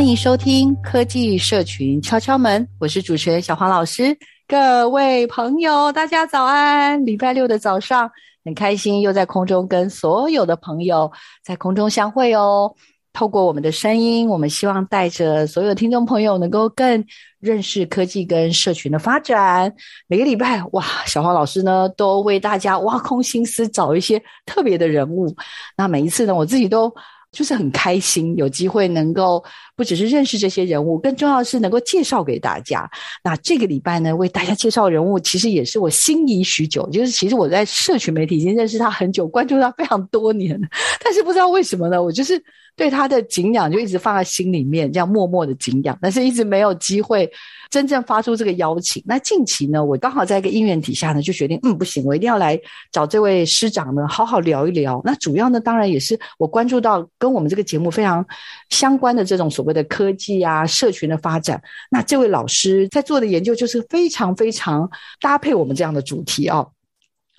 歡迎收聽科技社群敲敲門，我是主持人小黃老師。各位朋友，大家早安！禮拜六的早上，很開心又在空中跟所有的朋友在空中相會哦。透過我們的聲音，我們希望帶着所有聽眾朋友能夠更認識科技跟社群的發展。每個禮拜，哇，小黃老師呢，都為大家挖空心思找一些特別的人物。那每一次呢，我自己都。就是很開心，有機會能夠不只是認識這些人物，更重要的是能夠介紹給大家。那這個禮拜呢，為大家介紹人物，其實也是我心儀許久。就是其實我在社群媒體已經認識他很久，關注他非常多年，但是不知道為什麼呢，我就是。對他的敬仰就一直放在心裡面，這樣默默的敬仰，但是一直沒有機會真正發出這個邀請。那近期呢，我剛好在一個因緣底下呢，就決定，嗯，不行，我一定要來找這位師長呢，好好聊一聊。那主要呢，當然也是我關注到跟我們這個節目非常相關的這種所謂的科技啊、社群的發展。那這位老師在做的研究就是非常非常搭配我們這樣的主題啊。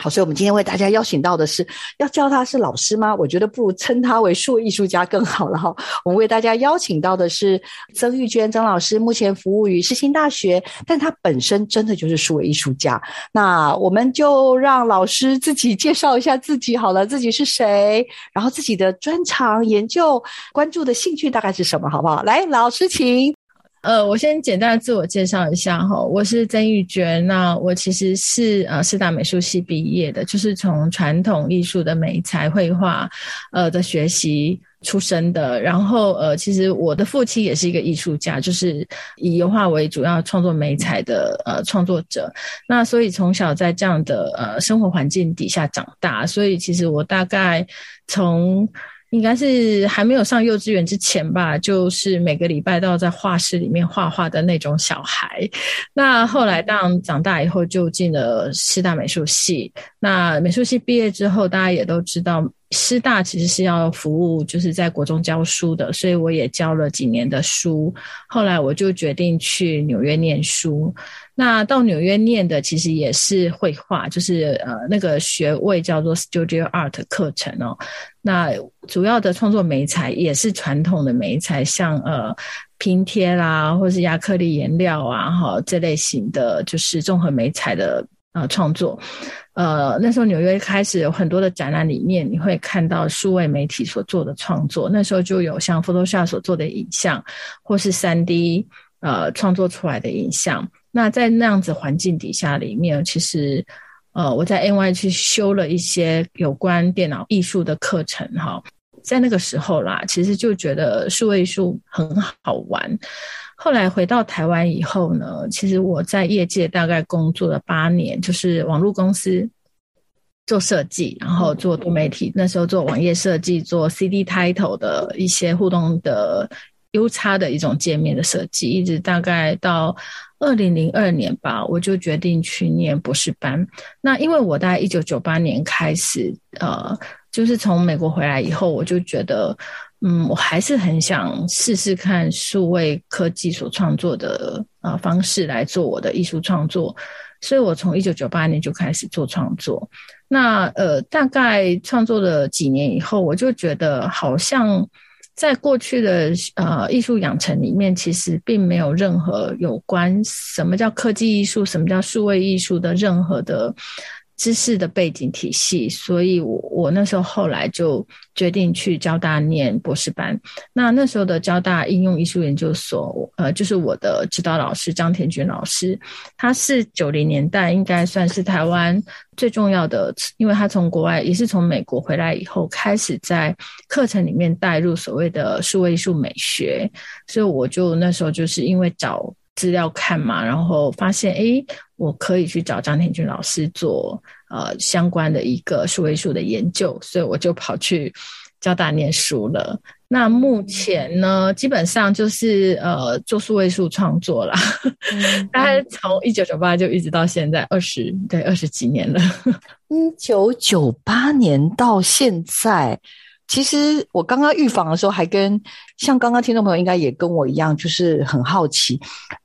好，所以我們今天為大家邀請到的是，要叫他是老師嗎？我覺得不如稱他為數位藝術家更好了哈、哦。我們為大家邀請到的是曾鈺涓曾老師，目前服務於世新大學，但他本身真的就是數位藝術家。那我們就讓老師自己介紹一下自己好了，自己是誰，然後自己的專長、研究、關注的興趣大概是什麼，好不好？來，老師請。呃，我先簡單的自我介紹一下哈、哦，我是曾鈺涓，那我其實是呃四大美術系畢業的，就是從傳統藝術的媒材繪畫，呃的學習出身的。然後呃，其實我的父親也是一個藝術家，就是以油畫為主要創作媒材的呃創作者。那所以從小在這樣的呃生活環境底下長大，所以其實我大概從，應該是還沒有上幼稚園之前吧，就是每個禮拜都要在畫室裡面畫畫的那種小孩。那後來當長大以後就進了師大美術系。那美術系畢業之後，大家也都知道，師大其實是要服務就是在國中教書的，所以我也教了幾年的書。後來我就決定去紐約念書。那到紐約念的其實也是繪畫，就是呃那個學位叫做 Studio Art 課程哦。那主要的創作媒材也是傳統的媒材，像呃拼貼啦，或是壓克力顏料啊，哈這類型的，就是綜合媒材的呃創作。呃，那時候紐約開始有很多的展覽，裡面你會看到數位媒體所做的創作。那時候就有像 Photoshop 所做的影像，或是三 D 呃創作出來的影像。那在那樣子環境底下裡面，其實，呃，我在 NY 去修了一些有關電腦藝術的課程哈。在那個時候啦，其實就覺得數位藝術很好玩。後來回到台灣以後呢，其實我在業界大概工作了八年，就是網絡公司做設計，然後做多媒體。那時候做網頁設計，做 CD title 的一些互動的。優差的一種界面的設計，一直大概到二零零二年吧，我就決定去念博士班。那因為我大概一九九八年開始，呃，就是從美國回來以後，我就覺得，嗯，我還是很想試試看數位科技所創作的呃方式來做我的藝術創作，所以我從一九九八年就開始做創作。那呃，大概創作了幾年以後，我就覺得好像。在過去的呃藝術養成裡面，其實並沒有任何有關什麼叫科技藝術，什麼叫數位藝術的任何的。知識的背景體系，所以我、我我那時候後來就決定去交大念博士班。那那時候的交大應用藝術研究所，呃，就是我的指導老師張田君老師，他是九零年代應該算是台灣最重要的，因為他從國外也是從美國回來以後，開始在課程裡面帶入所謂的數位藝術美學，所以我就那時候就是因為找。資料看嘛，然後發現哎，我可以去找張恬君老師做呃相關的一個數位藝術的研究，所以我就跑去交大念書了。那目前呢，嗯、基本上就是呃做數位藝術創作了，嗯、 大概從一九九八就一直到現在二十對，二十幾年了，一九九八年到現在。其實我剛剛預防的時候，還跟像剛剛聽眾朋友應該也跟我一樣，就是很好奇，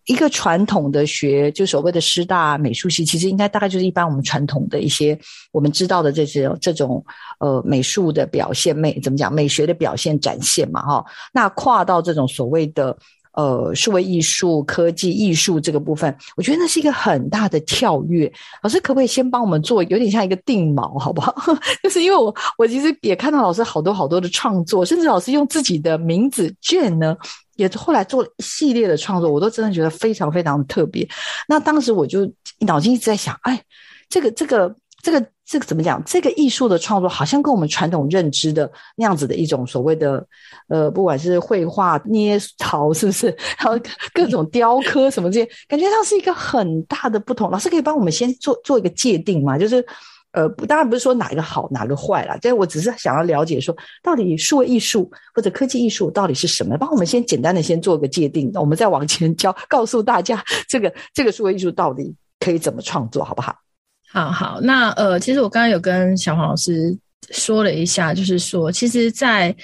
一個傳統的學，就所謂的師大美術系，其實應該大概就是一般我們傳統的一些我們知道的這些這種呃美術的表現美，怎麼講，美學的表現展現嘛，哈、哦，那跨到這種所謂的。呃，數位藝術、科技藝術這個部分，我覺得那是一個很大的跳躍。老師，可不可以先幫我們做，有點像一個定錨，好不好？ 就是因為我，我其實也看到老師好多好多的創作，甚至老師用自己的名字 Jane 呢，也後來做了一系列的創作，我都真的覺得非常非常特別。那當時我就腦筋一直在想，哎，這個，這個，這個。這個怎麼講？這個藝術的創作好像跟我們傳統認知的那樣子的一種所謂的，呃，不管是繪畫、捏陶，是不是還有各種雕刻什麼這些， 感覺上是一個很大的不同。老師可以幫我們先做做一個界定嘛？就是，呃，當然不是說哪一個好哪一個壞啦，這我只是想要了解說，到底數位藝術或者科技藝術到底是什麼？幫我們先簡單的先做一個界定，我們再往前教，告訴大家這個這個數位藝術到底可以怎麼創作，好不好？好好，那呃，其實我剛剛有跟小黃老師說了一下，就是說，其實在，在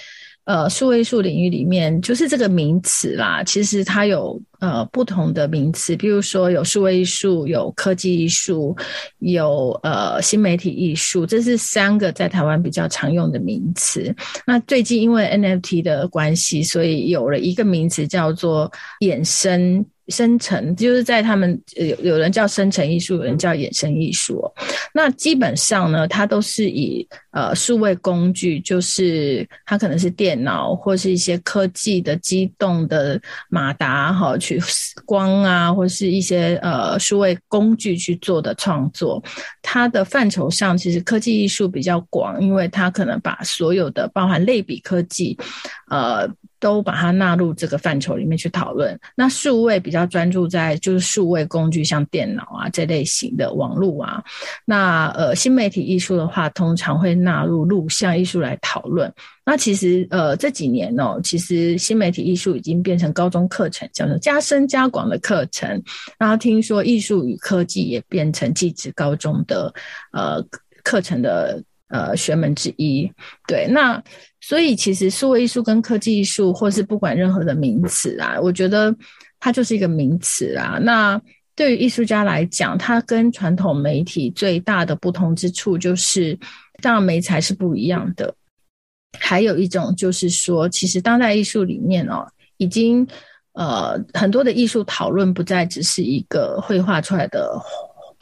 呃數位藝術領域裡面，就是這個名詞啦，其實它有呃不同的名詞，比如說有數位藝術、有科技藝術、有呃新媒體藝術，這是三個在台灣比較常用的名詞。那最近因為 NFT 的關係，所以有了一個名詞叫做衍生。生成就是在他們有有人叫生成藝術，有人叫衍生藝術。那基本上呢，它都是以呃數位工具，就是它可能是電腦或是一些科技的機動的馬達哈去光啊，或是一些呃數位工具去做的創作。它的範疇上其實科技藝術比較廣，因為它可能把所有的包含類比科技，呃。都把它納入這個範疇裡面去討論。那數位比較專注在就是數位工具，像電腦啊這類型的網路啊。那呃新媒體藝術的話，通常會納入錄像藝術來討論。那其實呃這幾年哦，其實新媒體藝術已經變成高中課程，叫做加深加廣的課程。然後聽說藝術與科技也變成技職高中的呃課程的。呃，學門之一，對，那所以其實數位藝術跟科技藝術，或是不管任何的名詞啊，我覺得它就是一個名詞啊。那對於藝術家來講，它跟傳統媒體最大的不同之處就是，當然媒材是不一樣的。還有一種就是說，其實當代藝術裡面哦，已經呃很多的藝術討論不再只是一個繪畫出來的。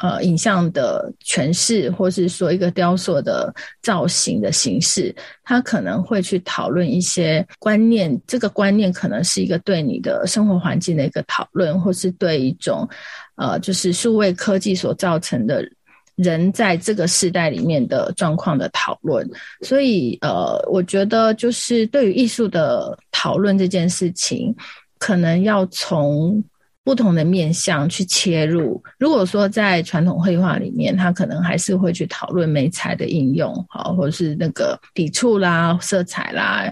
呃，影像的詮釋，或是說一個雕塑的造型的形式，他可能會去討論一些觀念。這個觀念可能是一個對你的生活環境的一個討論，或是對一種呃，就是數位科技所造成的人在這個時代裡面的狀況的討論。所以，呃，我覺得就是對於藝術的討論這件事情，可能要從。不同的面向去切入。如果說在傳統繪畫裡面，他可能還是會去討論媒材的應用，或者是那個筆觸啦、色彩啦，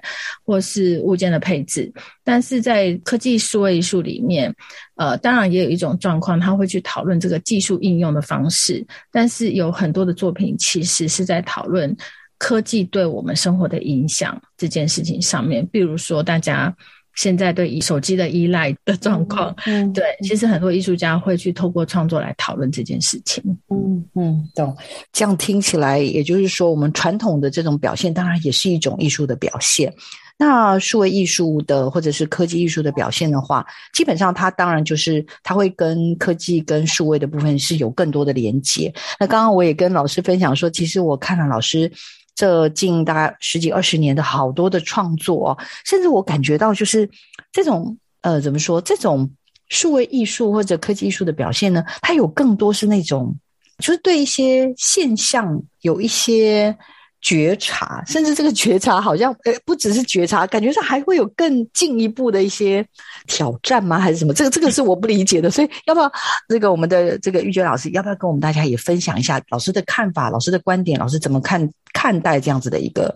或是物件的配置。但是在科技數位藝術裡面，呃，當然也有一種狀況，他會去討論這個技術應用的方式。但是有很多的作品其實是在討論科技對我們生活的影響這件事情上面，比如說大家。現在對手機的依賴的狀況，嗯，對，嗯、其實很多藝術家會去透過創作來討論這件事情。嗯嗯，懂。這樣聽起來，也就是說，我們傳統的這種表現，當然也是一種藝術的表現。那數位藝術的或者是科技藝術的表現的話，基本上它當然就是它會跟科技跟數位的部分是有更多的連結。那剛剛我也跟老師分享說，其實我看了老師。這近大概十幾二十年的好多的創作，甚至我感覺到就是這種呃，怎麼說這種數位藝術或者科技藝術的表現呢？它有更多是那種，就是對一些現象有一些覺察，甚至這個覺察好像呃不只是覺察，感覺上還會有更進一步的一些挑戰嗎？還是什麼？這個這個是我不理解的。 所以要不要這個我們的這個鈺涓老師，要不要跟我們大家也分享一下老師的看法、老師的觀點、老師怎麼看？看待這樣子的一個，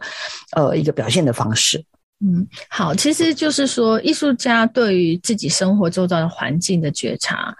呃，一個表現的方式。嗯，好，其實就是說，藝術家對於自己生活周遭的環境的覺察，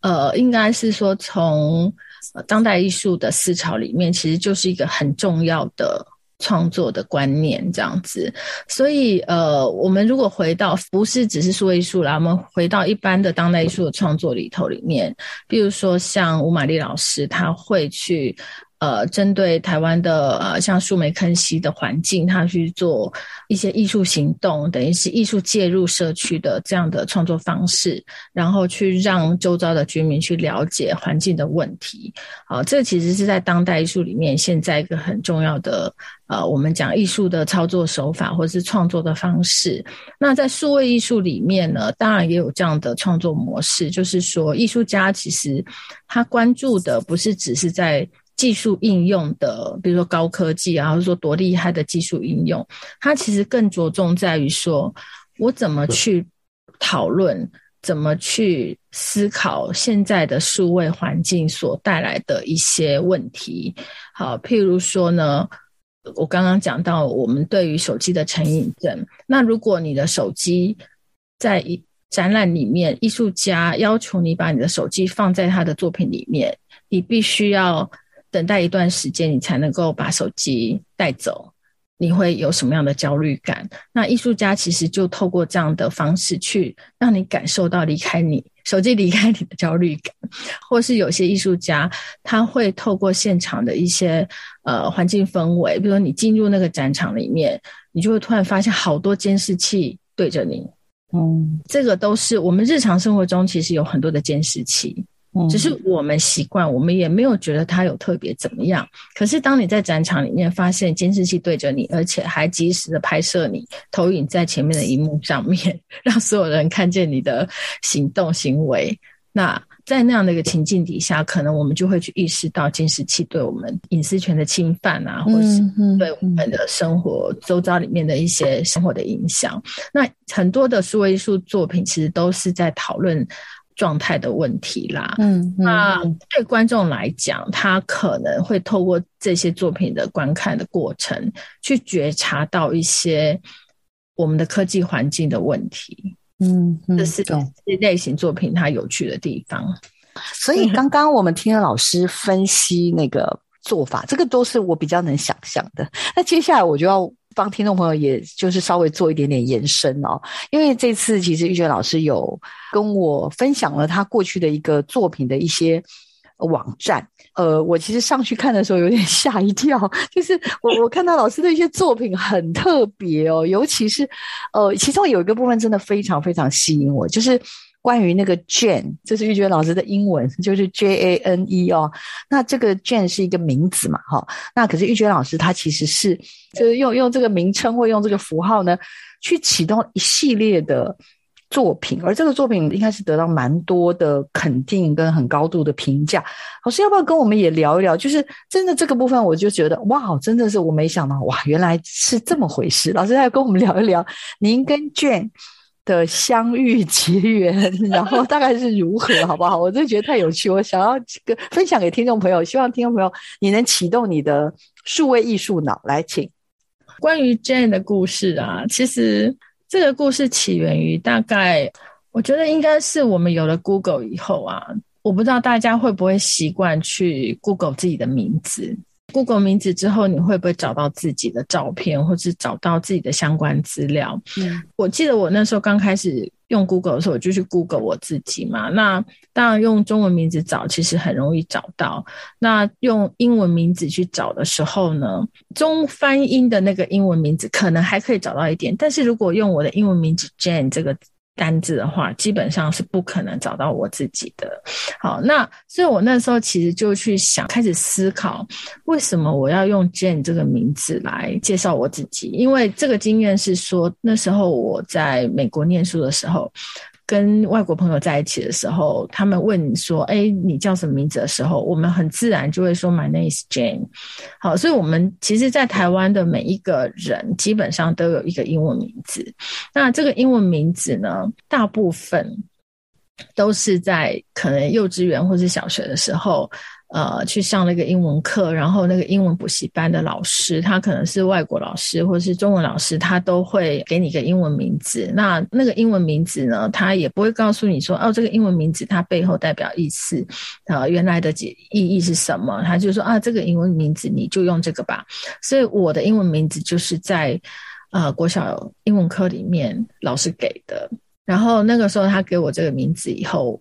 呃，應該是說從、呃、當代藝術的思潮裡面，其實就是一個很重要的創作的觀念，這樣子。所以，呃，我們如果回到，不是只是說藝術啦，我們回到一般的當代藝術的創作裡頭裡面，比如說像吳瑪悧老師，她會去。呃，針對台灣的呃，像樹梅坑溪的環境，他去做一些藝術行動，等於是藝術介入社區的這樣的創作方式，然後去讓周遭的居民去了解環境的問題。啊、呃，這其實是在當代藝術裡面現在一個很重要的呃，我們講藝術的操作手法或是創作的方式。那在數位藝術裡面呢，當然也有這樣的創作模式，就是說藝術家其實他關注的不是只是在。技術應用的，比如說高科技啊，或者說多厲害的技術應用，它其實更着重在於說，我怎麼去討論，怎麼去思考現在的數位環境所帶來的一些問題。好，譬如說呢，我剛剛講到我們對於手機的成癮症，那如果你的手機在一展覽裡面，藝術家要求你把你的手機放在他的作品裡面，你必須要。等待一段時間，你才能夠把手機帶走，你會有什麼樣的焦慮感？那藝術家其實就透過這樣的方式去讓你感受到離開你，手機離開你的焦慮感，或是有些藝術家他會透過現場的一些，呃，環境氛圍，比如說你進入那個展場裡面，你就會突然發現好多監視器對着你。嗯，這個都是我們日常生活中其實有很多的監視器。只是我們習慣，我們也沒有覺得它有特別怎麼樣。嗯、可是，當你在展場裡面發現監視器對着你，而且還即時的拍攝你，投影在前面的熒幕上面，讓所有人看見你的行動行為，那在那樣的一個情境底下，可能我們就會去意識到監視器對我們隱私權的侵犯啊，嗯、或是對我們的生活、嗯、周遭裡面的一些生活的影響。那很多的數位藝術作品其實都是在討論。狀態的問題啦，嗯，嗯，那對觀眾來講，他可能會透過這些作品的觀看的過程，去覺察到一些我們的科技環境的問題，嗯，嗯，這是這類型作品它有趣的地方。所以剛剛我們聽了老師分析那個做法， 這個都是我比較能想象的。那接下來我就要。幫聽眾朋友，也就是稍微做一點點延伸哦，因為這次其實鈺涓老師有跟我分享了她過去的一個作品的一些網站，呃，我其實上去看的時候有點嚇一跳，就是我我看到老師的一些作品很特別哦，尤其是呃，其中有一個部分真的非常非常吸引我，就是。關於那個 Jane，這是鈺涓老師的英文，就是 J A N E 哦。那這個 Jane 是一個名字嘛，哈、哦。那可是鈺涓老師，她其實是就是用用這個名稱或用這個符號呢，去啟動一系列的作品，而這個作品應該是得到蠻多的肯定跟很高度的評價。老師要不要跟我們也聊一聊？就是真的這個部分，我就覺得哇，真的是我沒想到哇，原來是這麼回事。老師要跟我們聊一聊？您跟 Jane 的相遇結緣，然後大概是如何， 好不好？我真的覺得太有趣，我想要分享給聽眾朋友。希望聽眾朋友，你能啟動你的數位藝術腦來，請。關於 Jane 的故事啊，其實這個故事起源於大概，我覺得應該是我們有了 Google 以後啊，我不知道大家會不會習慣去 Google 自己的名字。Google 名字之後，你會不會找到自己的照片，或是找到自己的相關資料？嗯，我記得我那時候剛開始用 Google 的時候，我就去 Google 我自己嘛。那當然用中文名字找，其實很容易找到。那用英文名字去找的時候呢，中翻英的那個英文名字可能還可以找到一點。但是如果用我的英文名字 Jane 這個字。單字的話，基本上是不可能找到我自己的。好，那所以，我那時候其實就去想，開始思考，為什麼我要用 Jane 這個名字來介紹我自己？因為這個經驗是說，那時候我在美國念書的時候。跟外國朋友在一起的時候，他們問你說：“哎、欸，你叫什麼名字？”的時候，我們很自然就會說 “My name is Jane。”好，所以，我們其實，在台灣的每一個人，基本上都有一個英文名字。那這個英文名字呢，大部分都是在可能幼稚園或是小學的時候。呃，去上那個英文課，然後那個英文補習班的老師，他可能是外國老師或是中文老師，他都會給你一個英文名字。那那個英文名字呢，他也不會告訴你說，哦，這個英文名字它背後代表意思，呃，原來的意意義是什麼？他就說啊，這個英文名字你就用這個吧。所以我的英文名字就是在呃國小英文課裡面老師給的。然後那個時候他給我這個名字以後。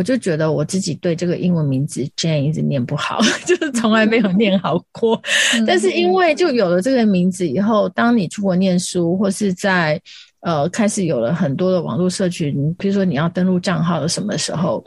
我就覺得我自己對這個英文名字 Jane 一直念不好， 就是從來沒有念好過。 但是因為就有了這個名字以後，當你出國念書或是在呃開始有了很多的網絡社群，譬如說你要登錄賬號的什麼的時候，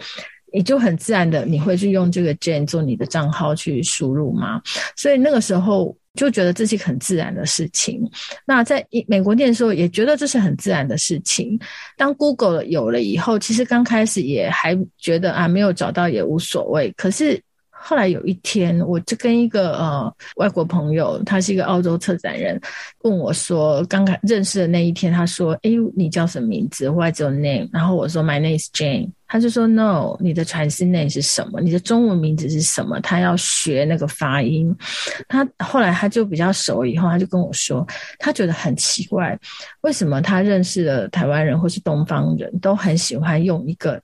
你就很自然的你會去用這個 Jane 做你的賬號去輸入嘛，所以那個時候。就覺得這是很自然的事情。那在美國念的時候，也覺得這是很自然的事情。當 Google 有了以後，其實剛開始也還覺得啊，沒有找到也無所謂。可是。後來有一天，我就跟一個呃外國朋友，他是一個澳洲策展人，問我說，剛開始認識的那一天，他說：“哎，你叫什麼名字？What's your name？” 然後我說：“My name is Jane。”他就說：“No，你的全名 name 是什麼？你的中文名字是什麼？”他要學那個發音。他後來他就比較熟以後，他就跟我說，他覺得很奇怪，為什麼他認識的台灣人或是東方人都很喜歡用一個。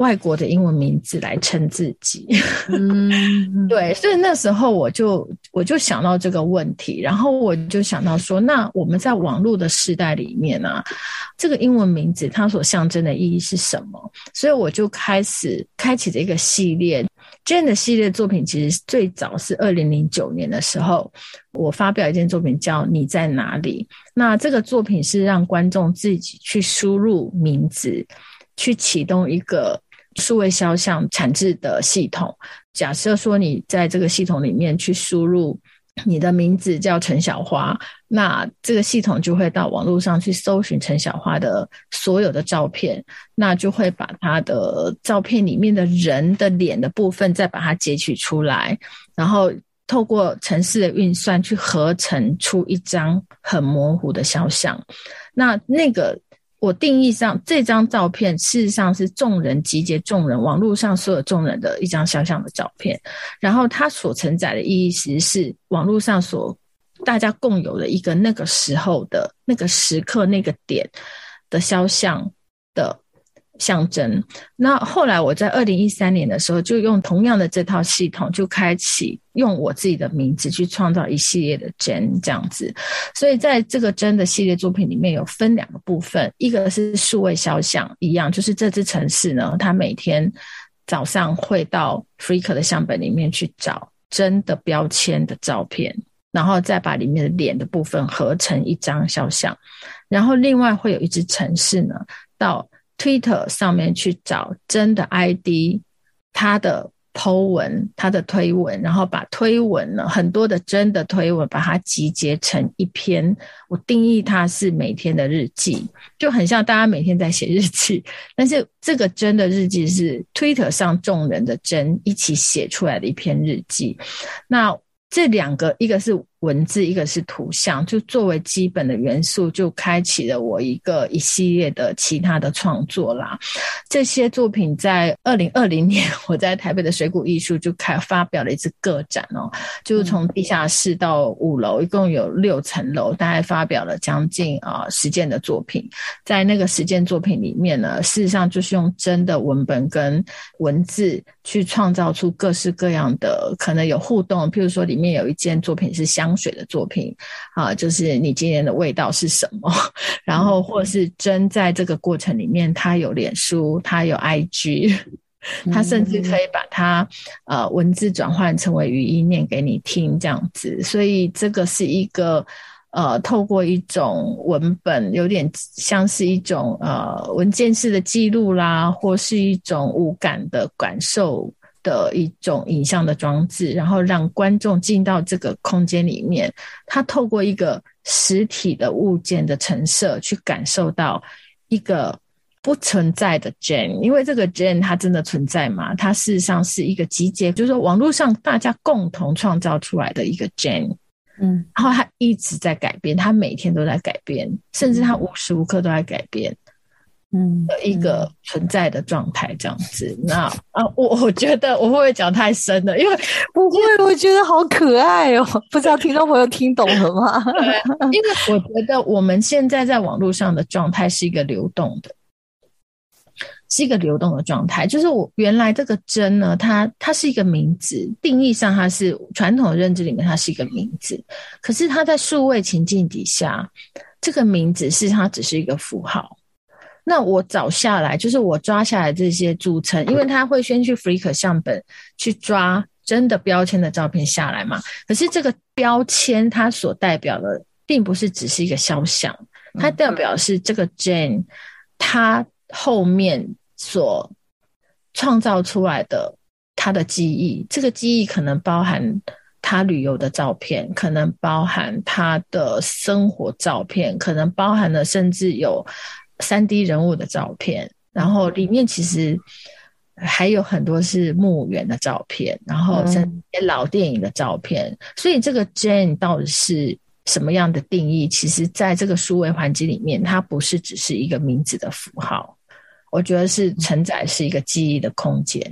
外國的英文名字來稱自己，嗯， 對，所以那時候我就我就想到這個問題，然後我就想到說，那我們在網絡的時代裡面呢，啊，這個英文名字它所象徵的意義是什麼？所以我就開始開啟了一個系列，這樣的系列作品其實最早是二零零九年的時候，我發表一件作品叫《你在哪裡》，那這個作品是讓觀眾自己去輸入名字，去啟動一個。數位肖像產制的系統，假設說你在這個系統裡面去輸入你的名字叫陳小花，那這個系統就會到網絡上去搜尋陳小花的所有的照片，那就會把它的照片裡面的人的臉的部分再把它截取出來，然後透過程式的運算去合成出一張很模糊的肖像，那那個。我定義上這張照片，事實上是眾人集結眾人，網絡上所有眾人的一張肖像的照片。然後它所承載的意義，其實是網絡上所大家共有的一個那個時候的，那個時刻那個點的肖像。象徵。那後來我在二零一三年的時候，就用同樣的這套系統，就開啟用我自己的名字去創造一系列的 Jane 這樣子。所以在這個 Jane 的系列作品裡面有分兩個部分，一個是數位肖像，一樣就是這支程式呢，它每天早上會到 Flickr 的相本裡面去找 Jane 的標籤的照片，然後再把裡面的臉的部分合成一張肖像。然後另外會有一支程式呢到。Twitter 上面去找 Jane 的 ID、他的 Po 文、他的推文，然後把推文呢，很多的 Jane 的推文，把它集結成一篇。我定義它是每天的日記，就很像大家每天在寫日記，但是這個 Jane 的日記是 Twitter 上眾人的 Jane 一起寫出來的一篇日記。那這兩個，一個是。文字，一個是圖像，就作為基本的元素，就開啟了我一個一系列的其他的創作啦。這些作品在二零二零年，我在台北的水谷藝術就開發表了一次個展哦、喔，就是從地下室到五樓，一共有六層樓，大概發表了將近啊十件的作品。在那個十件作品裡面呢，事實上就是用真的文本跟文字。去創造出各式各樣的可能有互動，譬如說裡面有一件作品是香水的作品，啊，就是你今年的味道是什麼？嗯、然後或者是真在這個過程裡面，他有臉書，他有 IG，他甚至可以把它、嗯、呃文字轉換成為語音念給你聽，這樣子。所以這個是一個。呃，透過一種文本，有點像是一種呃文件式的記錄啦，或是一種無感的感受的一種影像的裝置，然後讓觀眾進到這個空間裡面，他透過一個實體的物件的陳設去感受到一個不存在的 Jane，因為這個 Jane 它真的存在嗎？它事實上是一個集結，就是說網絡上大家共同創造出來的一個 Jane。嗯，然後他一直在改變，他每天都在改變，嗯、甚至他無時無刻都在改變，嗯，一個存在的狀態這樣子。嗯、那 啊，我我覺得我會不會講太深了？因為我會、因為我覺得好可愛哦、喔， 不知道聽眾朋友聽懂了嗎？ 因為我覺得我們現在在網絡上的狀態是一個流動的。是一個流動的狀態，就是我原來這個“真”呢，它它是一個名字，定義上它，是傳統的認知裡面它是一個名字，可是它在數位情境底下，這個名字是它只是一個符號。那我找下來，就是我抓下來這些組成，因為它會先去 Flickr 相本去抓真的標籤的照片下來嘛，可是這個標籤它所代表的，並不是只是一個肖像，它代表的是這個 “Jane”，它後面。所創造出來的他的記憶，這個記憶可能包含他旅遊的照片，可能包含他的生活照片，可能包含了甚至有三 D 人物的照片。然後裡面其實還有很多是墓園的照片，然後甚至一些老電影的照片。嗯。所以這個 Jane 到底是什麼樣的定義？其實，在這個數位環境裡面，它不是只是一個名字的符號。我覺得是承載是一個記憶的空間，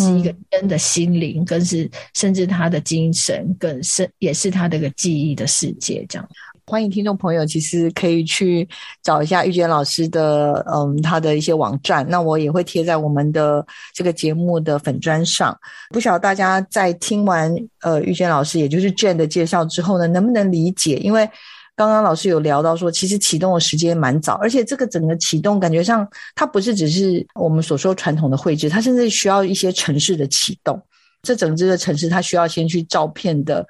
嗯、是一個人的心靈，更是甚至他的精神，更深也是他的一個記憶的世界。這樣，歡迎聽眾朋友，其實可以去找一下鈺涓老師的，嗯，他的一些網站。那我也會貼在我們的這個節目的粉專上。不曉得大家在聽完呃鈺涓老師，也就是 Jane 的介紹之後呢，能不能理解？因為剛剛老師有聊到說，其實啟動的時間蠻早，而且這個整個啟動感覺上，它不是只是我們所說傳統的繪製，它甚至需要一些城市的啟動。這整這個城市，它需要先去照片的，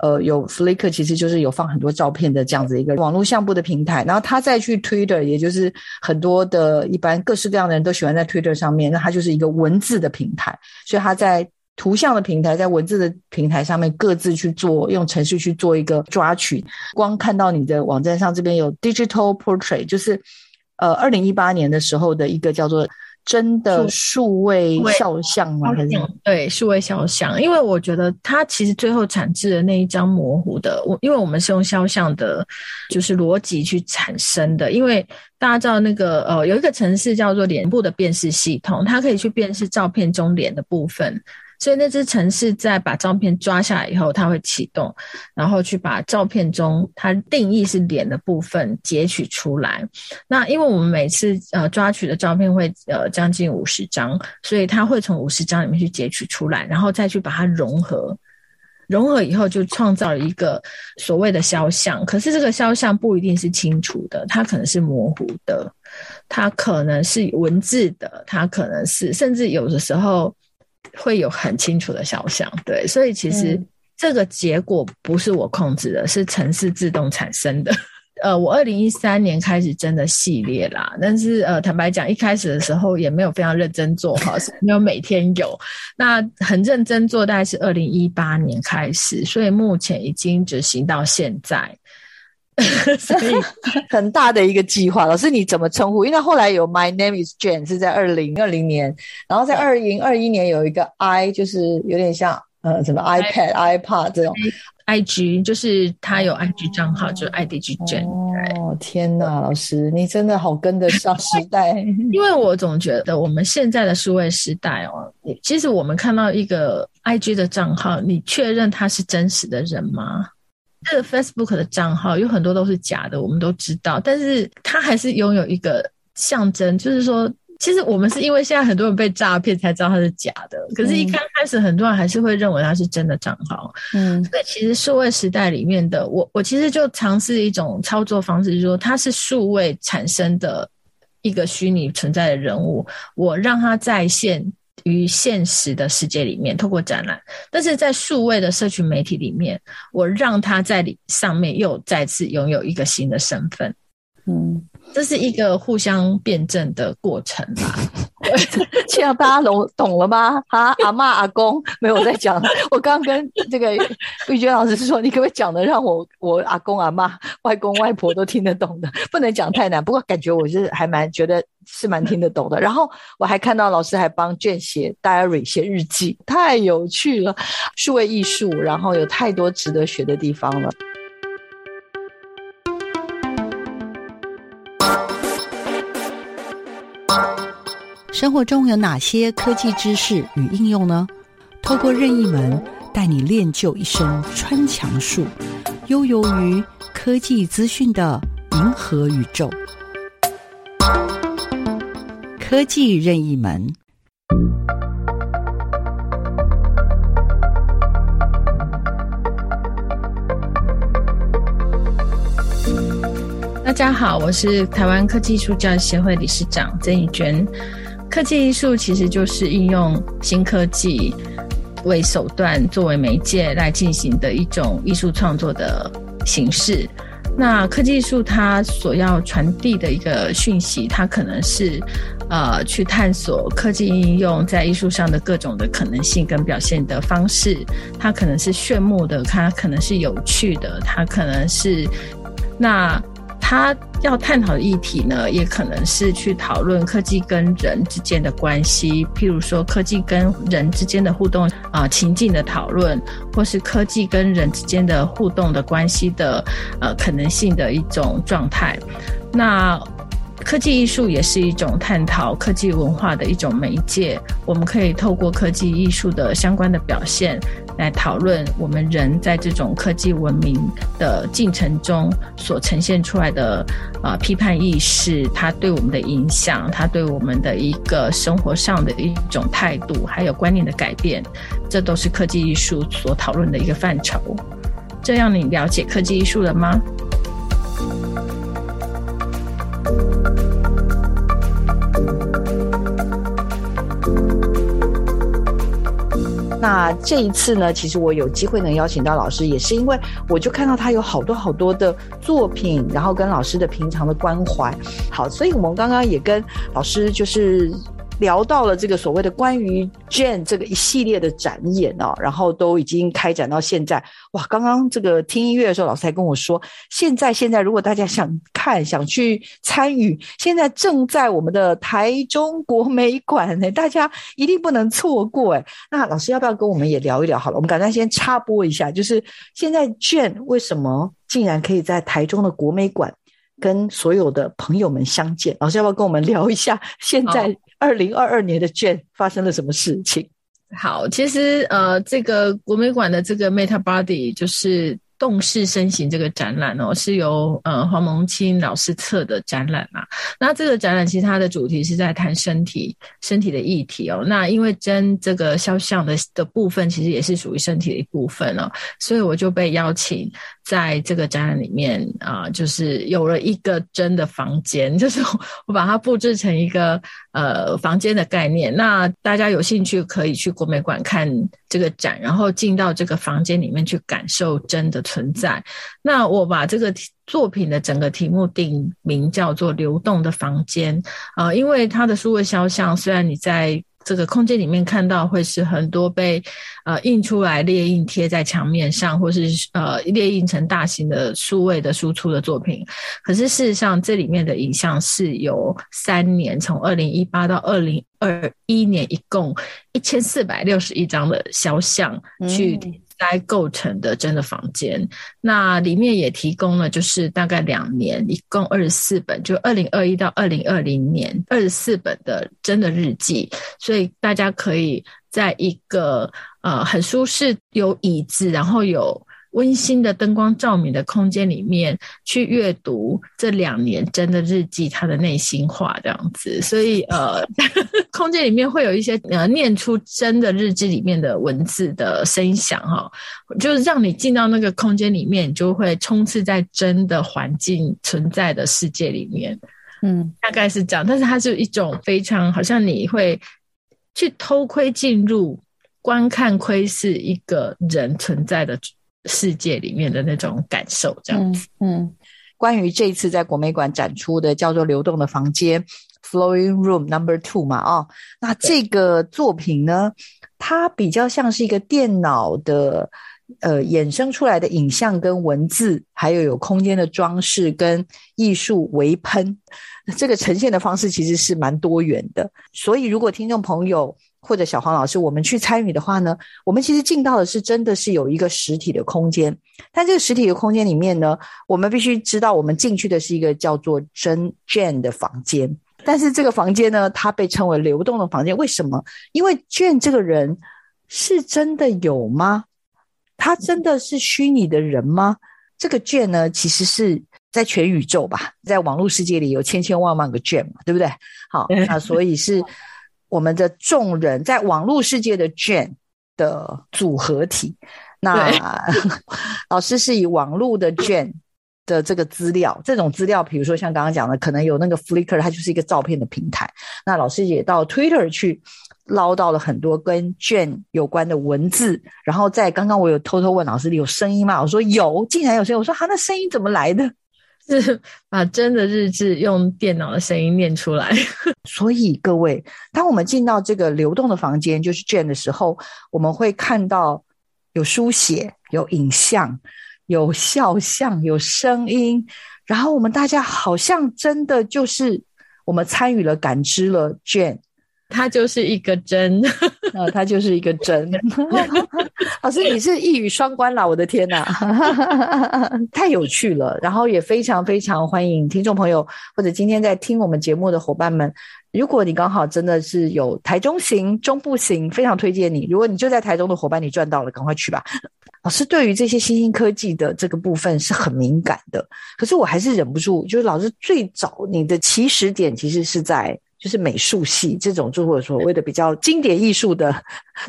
呃，有 Flickr，其實就是有放很多照片的這樣子一個網絡相簿的平台，然後它再去 Twitter，也就是很多的一般各式各樣的人都喜歡在 Twitter 上面，那它就是一個文字的平台，所以它在。圖像的平台、在文字的平台上面各自去做，用程序，去做一個抓取，光看到你的網站上這邊有 digital portrait，就是呃二零一八年的時候的一個叫做真的數位肖像嗎？對，數位肖像。因為我覺得它其實最後產制的那一張模糊的，我因為我們是用肖像的，就是邏輯去產生的。因為大家知道那個呃有一個程式叫做臉部的辨識系統，它可以去辨識照片中臉的部分。所以，那支程式在把照片抓下來以後，它會啟動，然後去把照片中它定義是臉的部分截取出來。那因為我們每次呃抓取的照片會呃將近五十張，所以它會從五十張裡面去截取出來，然後再去把它融合。融合以後就創造了一個所謂的肖像，可是這個肖像不一定是清楚的，它可能是模糊的，它可能是文字的，它可能是甚至有的時候。會有很清楚的想像，對，所以其實這個結果不是我控制的，嗯、是程式自動產生的。呃，我二零一三年開始真的系列啦，但是呃，坦白講，一開始的時候也沒有非常認真做好，哈，沒有每天有。那很認真做大概是二零一八年開始，所以目前已經執行到現在。 所以 很大的一個計劃，老師你怎麼稱呼？因為後來有 My Name Is Jane，是在二零二零年，然後在二零二一年有一個 i，就是有點像呃，什麼 iPad、iPod 這種，IG，就是他有 IG 賬號、哦，就是 IDG Jane、哦。哦天哪，老師你真的好跟得上時代， 因為我總覺得我們現在的數位時代哦，其實我們看到一個 IG 的賬號，你確認他是真實的人嗎？這個 Facebook 的賬號有很多都是假的，我們都知道。但是它還是擁有一個象徵，就是說，其實我們是因為現在很多人被詐騙才知道它是假的。可是，一剛開始很多人還是會認為它是真的賬號。嗯，所以其實數位時代裡面的，我，我其實就嘗試一種操作方式，就是說，它是數位產生的一個虛擬存在的人物，我讓它在線於現實的世界裡面，透過展覽，但是在數位的社群媒體裡面，我讓他在上面又再次擁有一個新的身份。嗯，這是一個互相辯證的過程吧。 這 樣，大家懂懂了嗎？啊，阿嬤、阿公，沒有在講。我剛剛跟這個鈺涓老師是說，你可不可以講得讓我我阿公、阿嬤、外公、外婆都聽得懂的，不能講太難。不過感覺我是還蠻覺得是蠻聽得懂的。然後我還看到老師還幫娟寫 diary 寫日記，太有趣了！數位藝術，然後有太多值得學的地方了。生活中有哪些科技知識與應用呢？透過任意門，帶你練就一身穿牆術，悠遊於科技資訊的銀河宇宙。科技任意門。大家好，我是台灣科技藝術教育協會理事長曾鈺涓。科技藝術其實就是應用新科技為手段、作為媒介來進行的一種藝術創作的形式。那科技藝術它所要傳遞的一個訊息，它可能是呃去探索科技應用在藝術上的各種的可能性跟表現的方式。它可能是炫目的，它可能是有趣的，它可能是那。他要探討的議題呢，也可能是去討論科技跟人之間的關係，譬如說科技跟人之間的互動啊、呃、情境的討論，或是科技跟人之間的互動的關係的呃可能性的一種狀態。那科技藝術也是一種探討科技文化的一種媒介，我們可以透過科技藝術的相關的表現。來討論我們人在這種科技文明的進程中所呈現出來的呃批判意識，它對我們的影響，它對我們的一個生活上的一種態度，還有觀念的改變，這都是科技藝術所討論的一個範疇。這樣你了解科技藝術了嗎？那這一次呢，其實我有機會能邀請到老師，也是因為我就看到他有好多好多的作品，然後跟老師的平常的關懷。好，所以我們剛剛也跟老師就是。聊到了這個所謂的關於 Jane 這個一系列的展演哦，然後都已經開展到現在。哇，剛剛這個聽音樂的時候，老師還跟我說，現在現在如果大家想看，想去參與，現在正在我們的台中國美館，哎，大家一定不能錯過哎，欸。那老師要不要跟我們也聊一聊？好了，我們趕快先插播一下，就是現在 Jane 為什麼竟然可以在台中的國美館跟所有的朋友們相見？老師要不要跟我們聊一下？現在。二零二二年的 Jane 發生了什麼事情？好，其實呃，這個國美館的這個 Meta Body 就是動勢身形這個展覽哦，是由呃黃蒙青老師策的展覽嘛、啊。那這個展覽其實它的主題是在談身體、身體的議題哦。那因為 Jane 這個肖像的的部分其實也是屬於身體的一部分哦，所以我就被邀請。在這個展覽裡面啊、呃，就是有了一個真的房間，就是我把它佈置成一個呃房間的概念。那大家有興趣可以去國美館看這個展，然後進到這個房間裡面去感受真的存在。那我把這個作品的整個題目定名叫做“流動的房間”啊、呃，因為它的數位肖像雖然你在。這個空間裡面看到會是很多被呃印出來列印貼在牆面上，或是呃列印成大型的數位的輸出的作品。可是事實上，這裡面的影像是由三年，從二零一八到二零二一年，一共一千四百六十一張的肖像去、嗯。該構成的 Jane 的房間，那裡面也提供了，就是大概兩年，一共二十四本，就二零二一到二零二零年二十四本的 Jane 的日記，所以大家可以在一個，呃，很舒適，有椅子，然後有。溫馨的燈光照明的空間裡面去閱讀這兩年 Jane 的日記，他的內心話這樣子，所以呃 空間裡面會有一些呃念出 Jane 的日記裡面的文字的聲響哈，就是讓你進到那個空間裡面，你就會充斥在 Jane 的環境存在的世界裡面，嗯，大概是這樣，但是它是一種非常好像你會去偷窺進入、觀看、窺視一個人存在的。世界裡面的那種感受，這樣子。嗯，嗯關於這一次在國美館展出的叫做《流動的房間》（Flowing Room Number Two） 嘛，哦，那這個作品呢，它比較像是一個電腦的呃衍生出來的影像跟文字，還有有空間的裝飾跟藝術微噴，這個呈現的方式其實是蠻多元的。所以如果聽眾朋友，或者小黃老師，我們去參與的話呢，我們其實進到的是真的是有一個實體的空間，但這個實體的空間裡面呢，我們必須知道我們進去的是一個叫做“真 Jane” 的房間，但是這個房間呢，它被稱為流動的房間。為什麼？因為 Jane 這個人是真的有嗎？他真的是虛擬的人嗎？這個 Jane 呢，其實是在元宇宙吧，在網絡世界裡有千千萬萬個 Jane 嘛，對不對？好，那所以是。 我們的眾人在網絡世界的 Jane 的組合體，那老師是以網絡的 Jane 的這個資料，這種資料，比如說像剛剛講的，可能有那個 Flickr，它就是一個照片的平台。那老師也到 Twitter 去撈到了很多跟 Jane 有關的文字，然後在剛剛我有偷偷問老師，你有聲音嗎？我說有，竟然有聲音。我說他那聲音怎麼來的？是 把真的日誌用電腦的聲音念出來。所以各位，當我們進到這個流動的房間，就是 Jane 的時候，我們會看到有書寫、有影像、有肖像、有聲音，然後我們大家好像真的就是我們參與了、感知了 Jane。他就是一個針，啊，他就是一個針。 老師，你是一語雙關啦！我的天哪， 太有趣了。然後也非常非常歡迎聽眾朋友或者今天在聽我們節目的夥伴們，如果你剛好真的是有台中行、中部行，非常推薦你。如果你就在台中的夥伴，你賺到了，趕快去吧。老師對於這些新興科技的這個部分是很敏感的，可是我還是忍不住，就是老師最早你的起始點其實是在。就是美術系這種，就或者所謂的比較經典藝術的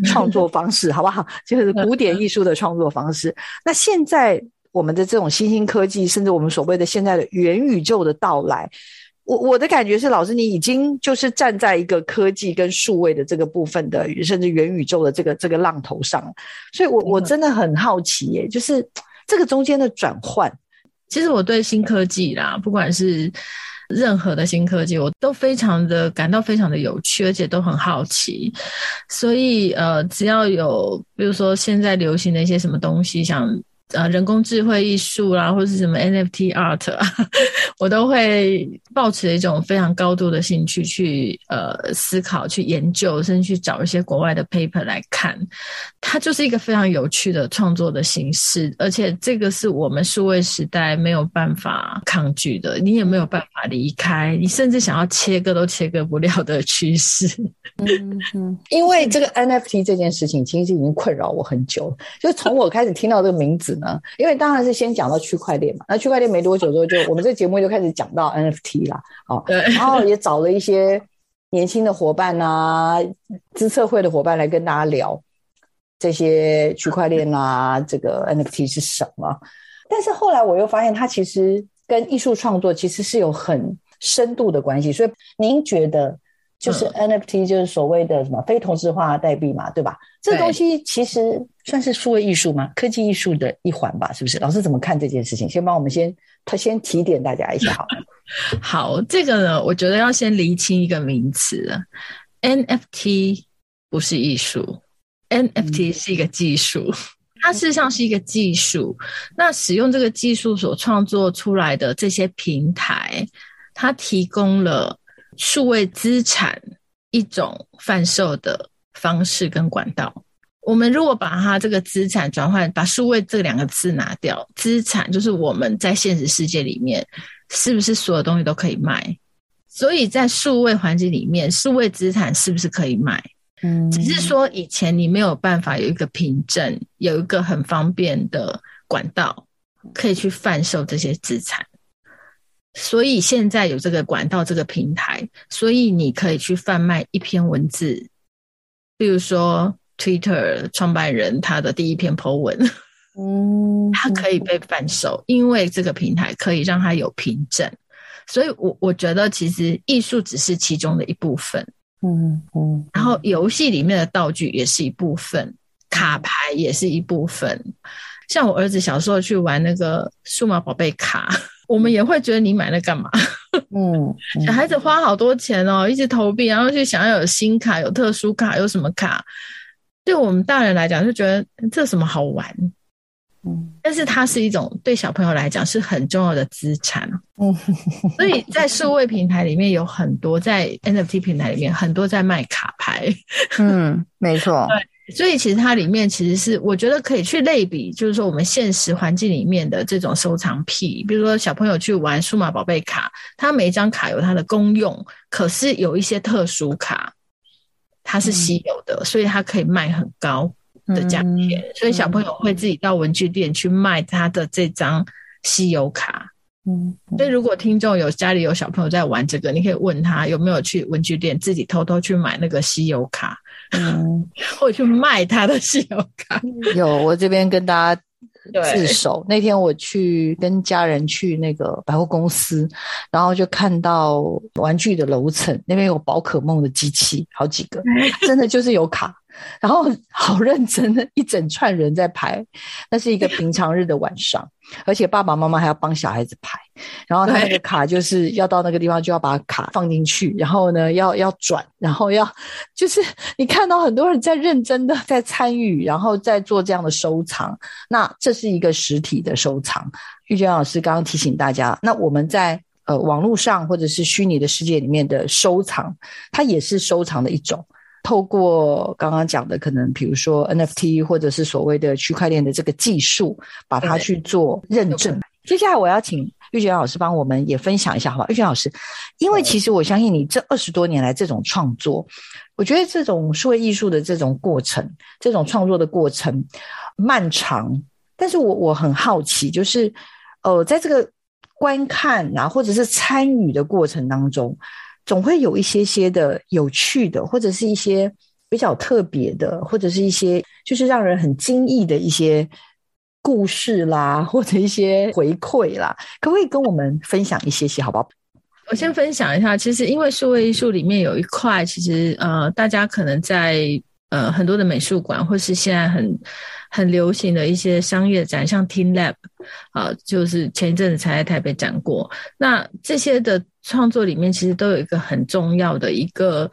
創作方式， 好不好？就是古典藝術的創作方式。 那現在我們的這種新興科技，甚至我們所謂的現在的元宇宙的到來，我我的感覺是，老師你已經就是站在一個科技跟數位的這個部分的，甚至元宇宙的這個這個浪頭上。所以我我真的很好奇耶、欸，就是這個中間的轉換。其實我對新科技啦，不管是。任何的新科技，我都非常的感到非常的有趣，而且都很好奇。所以，呃，只要有，比如說現在流行的一些什麼東西，想。呃，人工智慧藝術啦，或是什麼 NFT art 啊，我都會抱持一種非常高度的興趣去呃思考、去研究，甚至去找一些國外的 paper 來看。它就是一個非常有趣的創作的形式，而且這個是我們數位時代沒有辦法抗拒的，你也沒有辦法離開，你甚至想要切割都切割不了的趨勢。嗯嗯。因為這個 NFT 這件事情，其實已經困擾我很久，就從我開始聽到這個名字。 因為當然是先講到區塊鏈嘛，那區塊鏈沒多久之後就，就我們這節目就開始講到 NFT 啦，哦，然後也找了一些年輕的夥伴吶、啊，資策會的夥伴來跟大家聊這些區塊鏈啊，這個 NFT 是什麼。但是後來我又發現，它其實跟藝術創作其實是有很深度的關係，所以您覺得？就是 NFT，、嗯、就是所謂的什麼非同質化代幣嘛，對吧？對這個、東西其實算是數位藝術嗎？科技藝術的一環吧，是不是？老師怎麼看這件事情？先幫我們先他先提點大家一下好了，好。 好，這個呢，我覺得要先釐清一個名詞，NFT 不是藝術，NFT、嗯、是一個技術，它事實上是一個技術、嗯。那使用這個技術所創作出來的這些平台，它提供了。數位資產一種販售的方式跟管道。我們如果把它這個資產轉換，把“數位”這兩個字拿掉，資產就是我們在現實世界裡面是不是所有東西都可以賣？所以在數位環境裡面，數位資產是不是可以賣？嗯，只是說以前你沒有辦法有一個憑證，有一個很方便的管道可以去販售這些資產。所以現在有這個管道、這個平台，所以你可以去販賣一篇文字，比如說 Twitter 創辦人他的第一篇 po 文，嗯，嗯，他可以被販售，因為這個平台可以讓他有憑證。所以我，我我覺得其實藝術只是其中的一部分，嗯嗯。然後遊戲裡面的道具也是一部分，卡牌也是一部分，像我兒子小時候去玩那個數碼寶貝卡。我們也會覺得，你買那幹嘛嗯？嗯，小孩子花好多錢哦，一直投幣，然後就想要有新卡、有特殊卡、有什麼卡。對我們大人來講，就覺得這什麼好玩？嗯，但是它是一種對小朋友來講是很重要的資產。嗯，所以在數位平台裡面有很多，在 NFT 平台裡面很多在賣卡牌。嗯，沒錯。對。所以其實它裡面其實是，我覺得可以去類比，就是說我們現實環境裡面的這種收藏癖，比如說小朋友去玩數碼寶貝卡，它每一張卡有它的功用，可是有一些特殊卡，它是稀有的，嗯、所以它可以賣很高的價錢，嗯。所以小朋友會自己到文具店去賣他的這張稀有卡。嗯。嗯，所以如果聽眾有家裡有小朋友在玩這個，你可以問他有沒有去文具店自己偷偷去買那個稀有卡。 嗯，我去賣他的信用卡。有，我這邊跟大家自首。那天我去跟家人去那個百貨公司，然後就看到玩具的樓層，那邊有寶可夢的機器，好幾個，真的就是有卡。 然後好認真的一整串人在排，那是一個平常日的晚上， 而且爸爸媽媽還要幫小孩子排。然後他那個卡就是要到那個地方，就要把卡放進去，然後呢要要轉，然後要就是你看到很多人在認真的在參與，然後在做這樣的收藏。那這是一個實體的收藏。鈺涓老師剛剛提醒大家，那我們在呃網絡上或者是虛擬的世界裡面的收藏，它也是收藏的一種。透過剛剛講的，可能比如說 NFT 或者是所謂的區塊鏈的這個技術，把它去做認證。接下來我要請鈺涓老師幫我們也分享一下，好不好？鈺涓老師，因為其實我相信你這二十多年來這種創作，我覺得這種數位藝術的這種過程，這種創作的過程漫長。但是我我很好奇，就是呃，在這個觀看啊，或者是參與的過程當中。總會有一些些的有趣的，或者是一些比較特別的，或者是一些就是讓人很驚異的一些故事啦，或者一些回饋啦，可不可以跟我們分享一些些好不好？好，我先分享一下。其實，因為數位藝術裡面有一塊，其實呃，大家可能在，呃，很多的美術館，或是現在很很流行的一些商業展，像 Team Lab 啊，呃，就是前一陣子才在台北展過。那這些的創作裡面，其實都有一個很重要的一個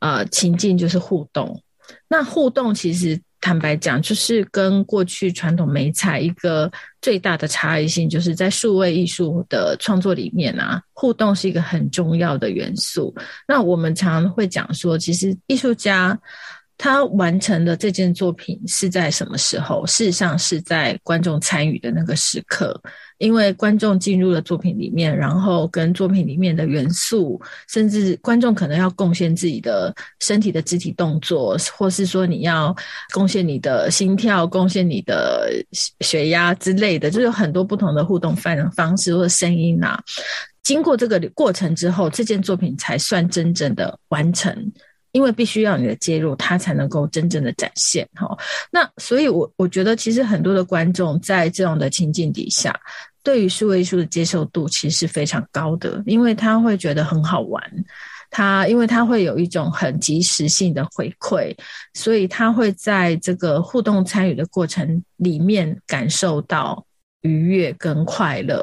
呃情境，就是互動。那互動其實坦白講，就是跟過去傳統媒材一個最大的差異性，就是在數位藝術的創作裡面啊，互動是一個很重要的元素。那我們常常會講說，其實藝術家。他完成的這件作品是在什麼時候？事實上是在觀眾參與的那個時刻，因為觀眾進入了作品裡面，然後跟作品裡面的元素，甚至觀眾可能要貢獻自己的身體的肢體動作，或是說你要貢獻你的心跳、貢獻你的血壓之類的，就是有很多不同的互動範方式或聲音啊。經過這個過程之後，這件作品才算真正的完成。因為必須要你的介入，它才能夠真正的展現哈、哦。那所以我，我我覺得其實很多的觀眾在這樣的情境底下，對於數位藝術的接受度其實是非常高的，因為他會覺得很好玩，他因為他會有一種很即時性的回饋，所以他會在這個互動參與的過程裡面感受到愉悅跟快樂。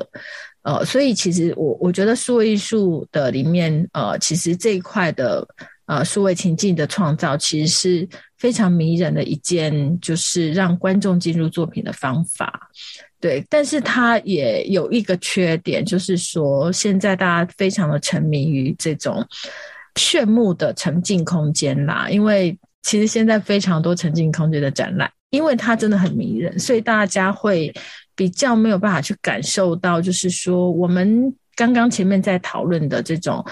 呃，所以其實我我覺得數位藝術的裡面，呃，其實這一塊的。呃，數位情境的創造其實是非常迷人的一件，就是讓觀眾進入作品的方法，對。但是它也有一個缺點，就是說現在大家非常的沉迷於這種炫目的沉浸空間啦，因為其實現在非常多沉浸空間的展覽，因為它真的很迷人，所以大家會比較沒有辦法去感受到，就是說我們剛剛前面在討論的這種。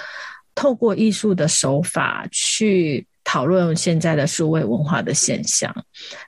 透過藝術的手法去討論現在的數位文化的現象，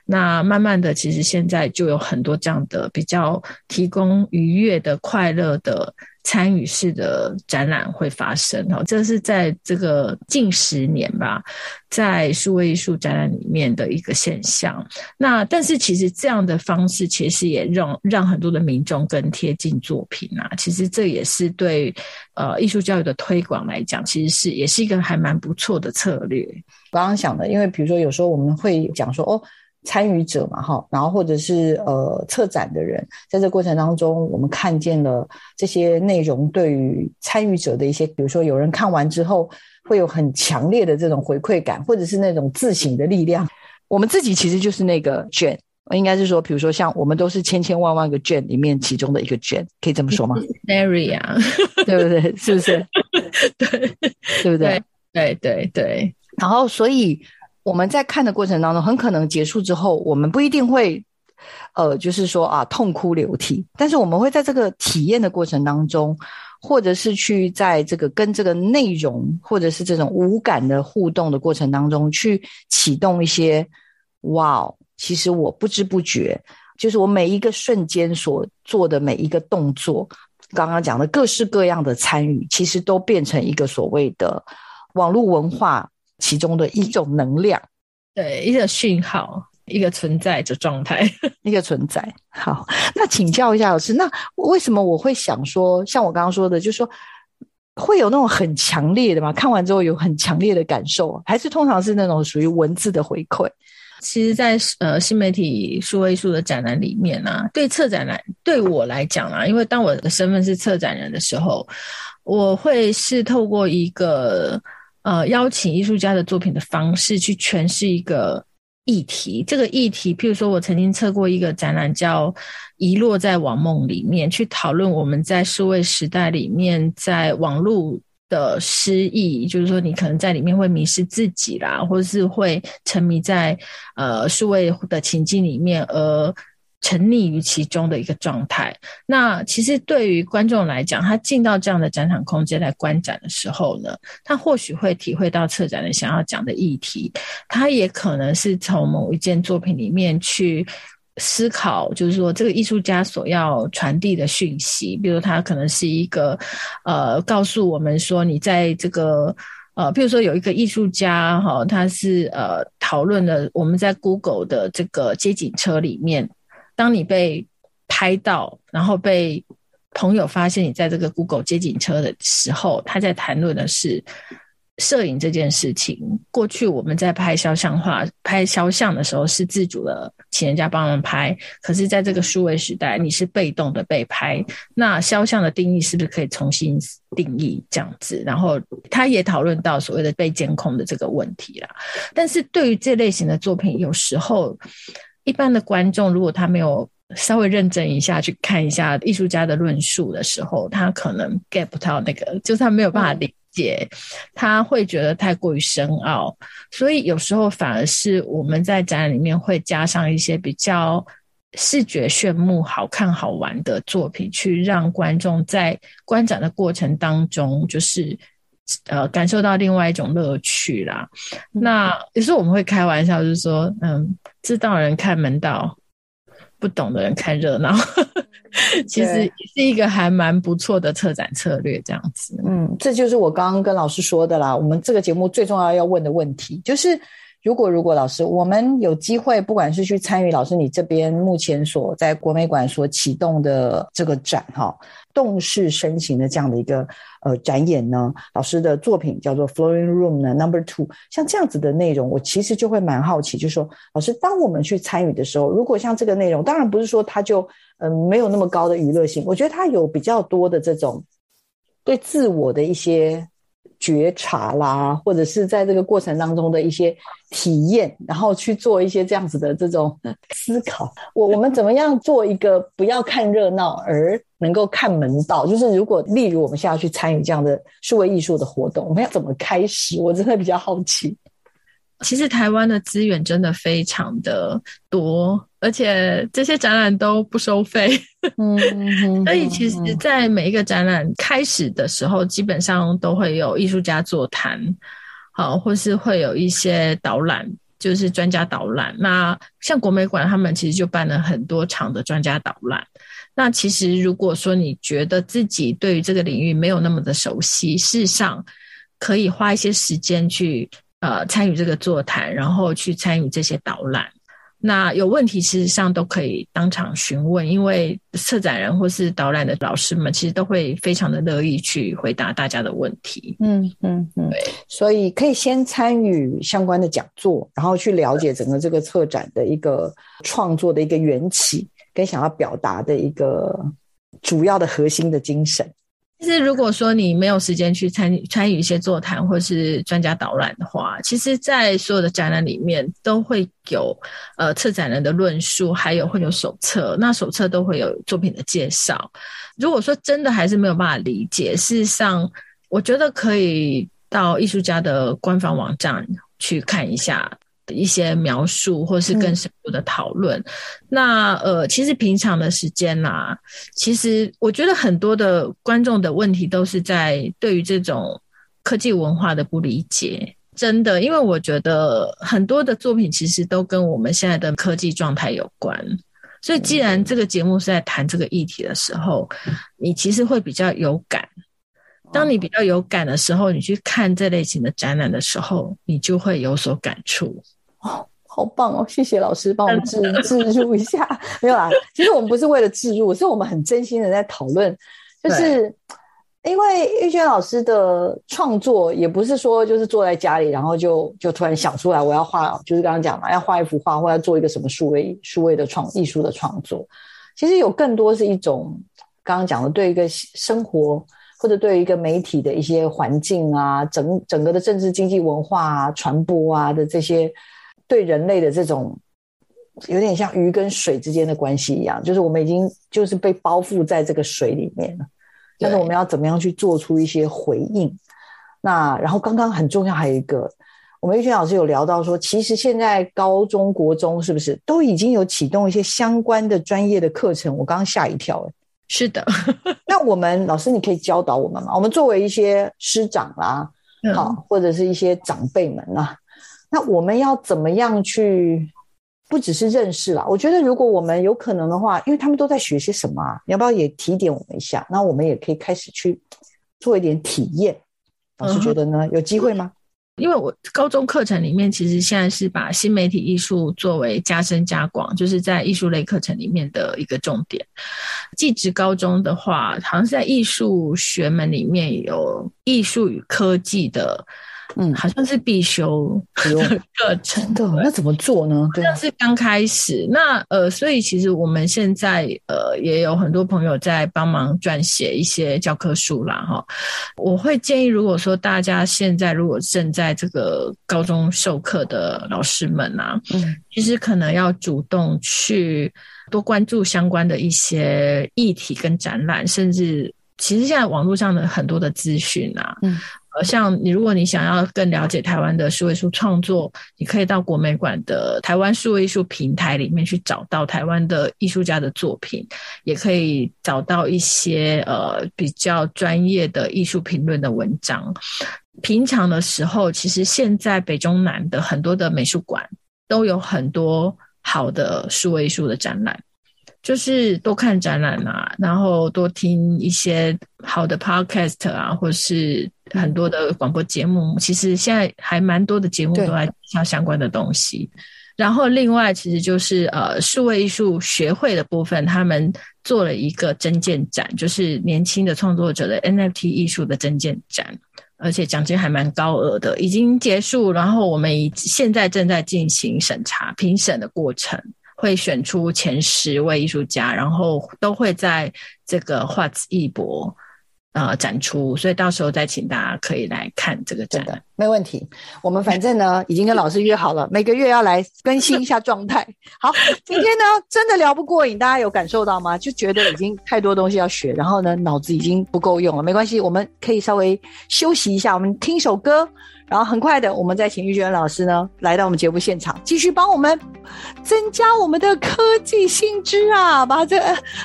那慢慢的，其實現在就有很多這樣的比較提供愉悅的、快樂的。參與式的展覽會發生哈，這是在這個近十年吧，在數位藝術展覽裡面的一個現象。那但是其實這樣的方式，其實也讓讓很多的民眾更貼近作品啊。其實這也是對呃藝術教育的推廣來講，其實是也是一個還蠻不錯的策略。我剛剛想的，因為比如說有時候我們會講說哦，參與者嘛，哈，然後或者是呃，策展的人，在這過程當中，我們看見了這些內容對於參與者的一些，比如說有人看完之後會有很強烈的這種回饋感，或者是那種自省的力量。 我們自己其實就是那個 Jane，應該是說，比如說像我們都是千千萬萬個 Jane 裡面其中的一個 Jane，可以這麼說嗎？Mary 啊， 對不對？是不是？ 對，對，對不對？對對對。然後所以。我們在看的過程當中，很可能結束之後，我們不一定會，呃，就是說啊，痛哭流涕。但是我們會在這個體驗的過程當中，或者是去在這個跟這個內容，或者是這種無感的互動的過程當中，去啟動一些哇，其實我不知不覺，就是我每一個瞬間所做的每一個動作，剛剛講的各式各樣的參與，其實都變成一個所謂的網絡文化。其中的一種能量，對，一個訊號，一個存在的狀態， 一個存在。好，那請教一下老師，那為什麼我會想說，像我剛剛說的就是說，就說會有那種很強烈的嘛？看完之後有很強烈的感受，還是通常是那種屬於文字的回饋？其實在，在呃新媒體數位數的展覽裡面呢、啊，對策展來對我來講啊，因為當我的身份是策展人的時候，我會是透過一個。呃，邀請藝術家的作品的方式去詮釋一個議題。這個議題，譬如說，我曾經策過一個展覽叫《遺落在網夢》，裡面去討論我們在數位時代裡面在網路的失意。就是說，你可能在裡面會迷失自己啦，或者是會沉迷在呃數位的情境裡面而。沉溺於其中的一個狀態。那其實對於觀眾來講，他進到這樣的展場空間來觀展的時候呢，他或許會體會到策展人想要講的議題。他也可能是從某一件作品裡面去思考，就是說這個藝術家所要傳遞的訊息。比如他可能是一個呃，告訴我們說你在這個呃，比如說有一個藝術家哈、哦，他是呃討論的，我們在 Google 的這個街景車裡面。當你被拍到，然後被朋友發現你在這個 Google 街景車的時候，他在談論的是攝影這件事情。過去我們在拍肖像畫、拍肖像的時候是自主的，請人家幫忙拍；可是在這個數位時代，你是被動的被拍。那肖像的定義是不是可以重新定義這樣子？然後他也討論到所謂的被監控的這個問題了。但是對於這類型的作品，有時候。一般的觀眾，如果他沒有稍微認真一下去看一下藝術家的論述的時候，他可能 get 不到那個，就是他沒有辦法理解、嗯，他會覺得太過於深奧。所以有時候反而是我們在展覽裡面會加上一些比較視覺炫目、好看好玩的作品，去讓觀眾在觀展的過程當中，就是。呃，感受到另外一種樂趣啦。那有時候我們會開玩笑，就是說，嗯，知道的人看門道，不懂的人看熱鬧， 其實是一個還蠻不錯的策展策略，這樣子。嗯，這就是我剛剛跟老師說的啦。我們這個節目最重要要問的問題就是。如果如果老師，我們有機會，不管是去參與老師你這邊目前所在國美館所啟動的這個展哈，動勢生形的這樣的一個呃展演呢，老師的作品叫做《Flowing Room》呢，Number Two，像這樣子的內容，我其實就會蠻好奇，就是、說，老師，當我們去參與的時候，如果像這個內容，當然不是說它就嗯、呃、沒有那麼高的娛樂性，我覺得它有比較多的這種對自我的一些。覺察啦，或者是在這個過程當中的一些體驗，然後去做一些這樣子的這種思考。我我們怎麼樣做一個不要看熱鬧而能夠看門道？就是如果例如我們現在要去參與這樣的數位藝術的活動，我們要怎麼開始？我真的比較好奇。其實台灣的資源真的非常的多，而且這些展覽都不收費， 所以其實，在每一個展覽開始的時候，基本上都會有藝術家座談，好、啊，或是會有一些導覽，就是專家導覽。那像國美館，他們其實就辦了很多場的專家導覽。那其實如果說你覺得自己對於這個領域沒有那麼的熟悉，事實上可以花一些時間去。呃，參與這個座談，然後去參與這些導覽。那有問題，事實上都可以當場詢問，因為策展人或是導覽的老師們，其實都會非常的樂意去回答大家的問題。嗯嗯嗯，對。所以可以先參與相關的講座，然後去了解整個這個策展的一個創作的一個緣起，跟想要表達的一個主要的核心的精神。其實，如果說你沒有時間去參參與一些座談或是專家導覽的話，其實，在所有的展覽裡面都會有呃策展人的論述，還有會有手冊。那手冊都會有作品的介紹。如果說真的還是沒有辦法理解，事實上，我覺得可以到藝術家的官方網站去看一下。一些描述，或是更深入的討論、嗯。那呃，其實平常的時間呢、啊，其實我覺得很多的觀眾的問題都是在對於這種科技文化的不理解。真的，因為我覺得很多的作品其實都跟我們現在的科技狀態有關。所以，既然這個節目是在談這個議題的時候、嗯，你其實會比較有感。當你比較有感的時候，哦、你去看這類型的展覽的時候，你就會有所感觸。好，好棒哦！謝謝老師幫我們置 入一下。沒有啦，其實我們不是為了置入，是我們很真心的在討論。就是因為鈺涓老師的創作，也不是說就是坐在家裡，然後就就突然想出來我要畫，就是剛剛講嘛，要畫一幅畫或要做一個什麼數位數位的創藝術的創作。其實有更多是一種剛剛講的對一個生活或者對一個媒體的一些環境啊，整整個的政治經濟文化啊，傳播啊的這些。對人類的這種有點像魚跟水之間的關係一樣，就是我們已經就是被包覆在這個水裡面了。但是我們要怎麼樣去做出一些回應？那然後剛剛很重要還有一個，我們一群老師有聊到說，其實現在高中、國中是不是都已經有啟動一些相關的專業的課程？我剛剛嚇一跳，是的。 那我們老師，你可以教導我們嗎？我們作為一些師長啦、啊嗯，好，或者是一些長輩們啊。那我們要怎麼樣去？不只是認識啦，我覺得如果我們有可能的話，因為他們都在學些什麼、啊、你要不要也提點我們一下？那我們也可以開始去做一點體驗。老師覺得呢？嗯、有機會嗎？因為我高中課程裡面，其實現在是把新媒體藝術作為加深加廣，就是在藝術類課程裡面的一個重點。技職高中的話，好像是在藝術學門裡面有藝術與科技的。嗯，好像是必修的課程，嗯。那怎麼做呢？對，像是剛開始，那呃，所以其實我們現在呃，也有很多朋友在幫忙撰寫一些教科書啦，哈。我會建議，如果說大家現在如果正在這個高中授課的老師們啊，嗯，其實可能要主動去多關注相關的一些議題跟展覽，甚至其實現在網絡上的很多的資訊啊，嗯。呃，像你，如果你想要更了解台灣的數位藝術創作，你可以到國美館的台灣數位藝術平台裡面去找到台灣的藝術家的作品，也可以找到一些呃比較專業的藝術評論的文章。平常的時候，其實現在北中南的很多的美術館都有很多好的數位藝術的展覽，就是多看展覽啊，然後多聽一些好的 podcast 啊，或是。很多的廣播節目，其實現在還蠻多的節目都在介紹相關的東西。然後另外，其實就是呃，數位藝術學會的部分，他們做了一個徵件展，就是年輕的創作者的 NFT 藝術的徵件展，而且獎金還蠻高額的，已經結束。然後我們現在正在進行審查評審的過程，會選出前十位藝術家，然後都會在這個畫子藝博。啊、呃，展出，所以到時候再請大家可以來看這個展。對的，沒問題。我們反正呢，已經跟老師約好了， 每個月要來更新一下狀態。好，今天呢，真的聊不過癮， 大家有感受到嗎？就覺得已經太多東西要學，然後呢，腦子已經不夠用了。沒關係，我們可以稍微休息一下，我們聽一首歌。然後很快的，我們再請鈺涓老師呢來到我們節目現場，繼續幫我們增加我們的科技新知啊，把這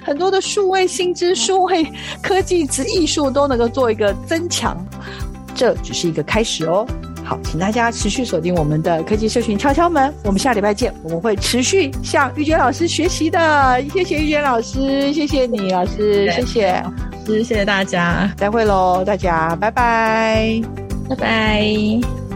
很多的數位新知、數位科技之藝術都能夠做一個增強。這只是一個開始哦。好，請大家持續鎖定我們的科技社群敲敲門。我們下禮拜見，我們會持續向鈺涓老師學習的。謝謝鈺涓老師，謝謝你，老師，謝謝，謝謝大家，再會嘍，大家，拜拜。拜拜。